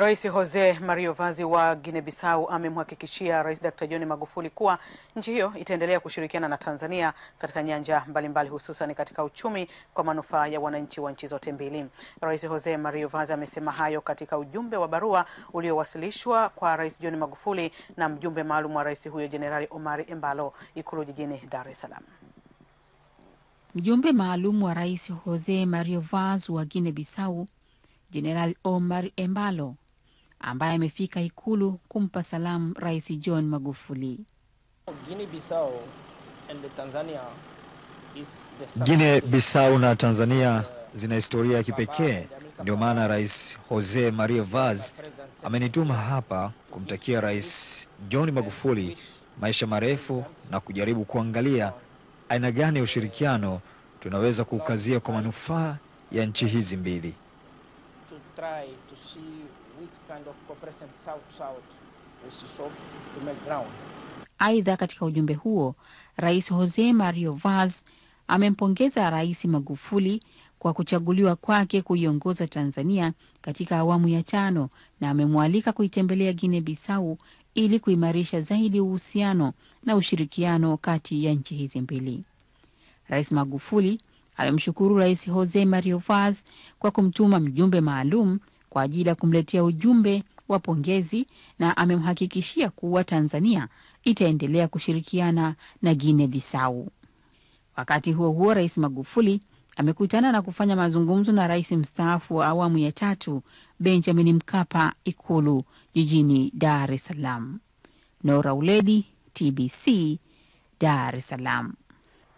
Rais Jose Mario vazi wa Guinea Bissau amemhakikishia Rais Dr. John Magufuli kuwa nchi hiyo itaendelea kushirikiana na Tanzania katika nyanja mbalimbali hususan katika uchumi kwa manufaa ya wananchi wa nchi zote mbili. Rais Jose Mario Vazi amesema hayo katika ujumbe wa barua uliowasilishwa kwa Rais John Magufuli na mjumbe maalum wa rais huyo Jenerali Omari Embalo Ikulu jijini Dar es Salaam. Mjumbe maalum wa Rais Jose Mario Vaz wa Guinea Bissau Jenerali Omar Embalo ambaye amefika ikulu kumpa salamu Rais John Magufuli. guine Bissau na Tanzania zina historia ya kipekee, ndio maana Rais Jose Maria Vaz amenituma hapa kumtakia Rais John Magufuli maisha marefu na kujaribu kuangalia aina gani ya ushirikiano tunaweza kuukazia kwa manufaa ya nchi hizi mbili try to see which kind of cooperation south south is should to make ground. Aidha, katika ujumbe huo Rais Jose Mario Vaz amempongeza Rais Magufuli kwa kuchaguliwa kwake kuiongoza Tanzania katika awamu ya tano na amemwalika kuitembelea Guinea Bissau ili kuimarisha zaidi uhusiano na ushirikiano kati ya nchi hizi mbili. Rais Magufuli amemshukuru Rais Jose Mario Vaz kwa kumtuma mjumbe maalum kwa ajili ya kumletea ujumbe wa pongezi na amemhakikishia kuwa Tanzania itaendelea kushirikiana na guine Bisau. Wakati huo huo, Rais Magufuli amekutana na kufanya mazungumzo na rais mstaafu wa awamu ya tatu Benjamin Mkapa Ikulu jijini Dar es Salaam. Nora Uledi, TBC, Dar es Salaam.